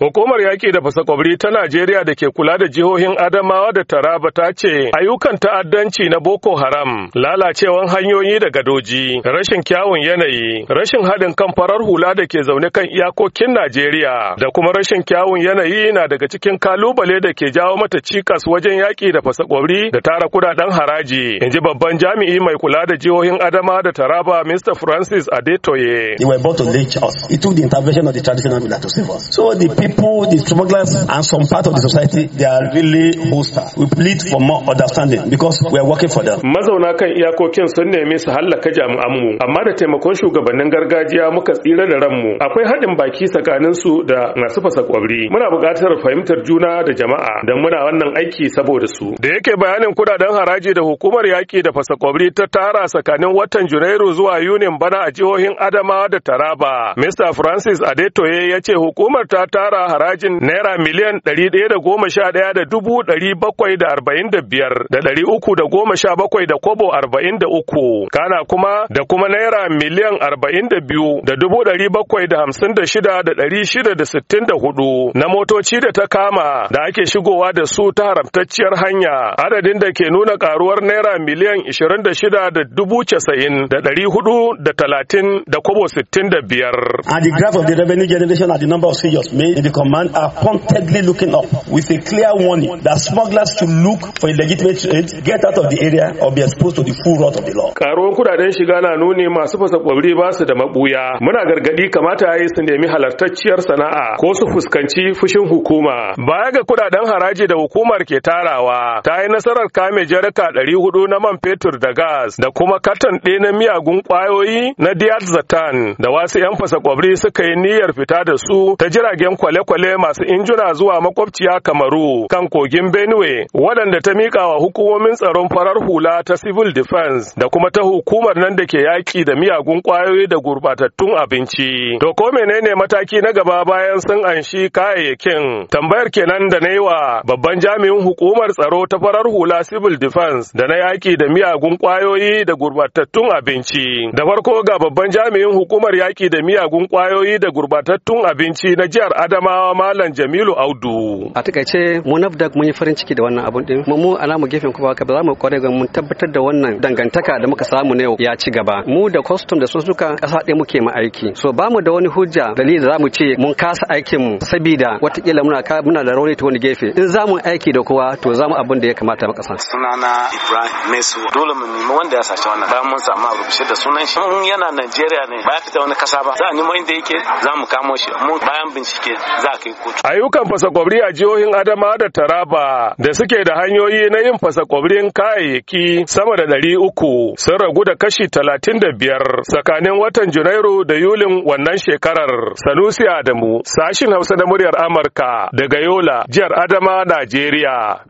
Hukumar yaƙi da fasakwabri ta Najeriya da ke kula da jihohin Adamawa da Taraba ta ce ayyukan ta'addanci na Boko Haram, lalacewan hanyoyi da gadoji, rashin kyawun yanayi, rashin haɗin kan farar hula da ke zaune kan iyakokin Najeriya da kuma rashin kyawun yanayi na daga cikin kalubale da ke jawo mata cikas wajen yaƙi da fasakwabri da tara kudaden haraji, in ji babban jami'i mai kula da jihohin Adamawa da Taraba Mr. Francis Adetoye. people, the smugglers, and some part of the society, they are really hostile. We plead for more understanding because we are working for them. Mazauna kan iyakokin sun nemi su hallaka mu amma da taimakon shugabannin gargajiya muka tsira da ranmu. Akwai haɗin baki tsakanin su da masu fasa kwabri. Muna buƙatar fahimtar juna da jama'a don muna wannan aiki saboda su. Da yake bayanin kudaden haraji da hukumar yaƙi da fasa kwabri ta tara tsakanin watan Junairu zuwa Yunin bana a jihohin Adamawa da Taraba. Mr. Francis Adetoye ya ce hukumar ta tara ƙara harajin naira miliyan ɗari ɗaya da goma sha ɗaya da dubu ɗari bakwai da arba'in da biyar da ɗari uku da goma sha bakwai da kobo arba'in da uku kana kuma da kuma naira miliyan arba'in da biyu da dubu ɗari bakwai da hamsin da shida da ɗari shida da sittin da hudu na motoci da ta kama da ake shigowa da su ta haramtacciyar hanya adadin da ke nuna karuwar naira miliyan ishirin da shida da dubu casa'in da ɗari hudu da talatin da kobo sittin da biyar. And the graph of the revenue generation at the number of seniors made the command are pointedly looking up with a clear warning that smugglers to look for a legitimate trade, get out of the area, or be exposed to the full wrath of the law. Karuwan kudaden shiga na nuni masu fasa kwabri ba su da mabuya. Muna gargadi kamata ayi su nemi halartacciyar sana'a ko su fuskanci fushin hukuma. Baya ga kudaden haraji da hukumar ke tarawa, ta yi nasarar kame jarika ɗari hudu na man fetur da gas da kuma katon ɗaya na miyagun kwayoyi na Diyat Zatan da wasu 'yan fasa kwabri suka yi niyyar fita da su ta jiragen kwale kwale-kwale masu injuna zuwa makwabciya Kamaru kan kogin Benue waɗanda ta miƙa wa hukumomin tsaron farar hula ta Civil Defense da kuma ta hukumar nan da ke yaƙi da miyagun ƙwayoyi da gurbatattun abinci. To ko menene mataki na gaba bayan sun anshi kayayyakin? Tambayar kenan da na yi wa babban jami'in hukumar tsaro ta farar hula Civil Defense da na yaƙi da miyagun ƙwayoyi da gurbatattun abinci. Da farko ga babban jami'in hukumar yaƙi da miyagun ƙwayoyi da gurbatattun abinci na jihar Adam Adamawa Malam Jamilu Audu. A takaice mu NAFDAC mun yi farin ciki da wannan abun din. Mu a mu gefen kuma ka ba za mu kware ga mun tabbatar da wannan dangantaka da muka samu ne ya ci gaba. Mu da custom da sosuka kasa ɗaya muke ma aiki. So ba mu da wani hujja dalili da za mu ce mun kasa aikin mu saboda watakila muna muna da rauni ta wani gefe. In za mu aiki da kowa to za mu abin da ya kamata muka kasa. Sunana Ibrahim Mesu dole mu nemi wanda ya sace wannan bayan mun samu abu shi da sunan shi. Mun yana Najeriya ne ba ta wani kasa ba. Za ni nemo inda yake za mu kamo shi. Mu bayan bincike za Ayyukan fasa kwabri a jihohin Adama da Taraba da suke da hanyoyi na yin fasa kwabrin kayayyaki sama da ɗari uku sun ragu da kashi talatin da biyar tsakanin watan Junairu da Yulin wannan shekarar. Sanusi Adamu, sashin Hausa na muryar Amurka daga Yola, jihar Adama, Najeriya.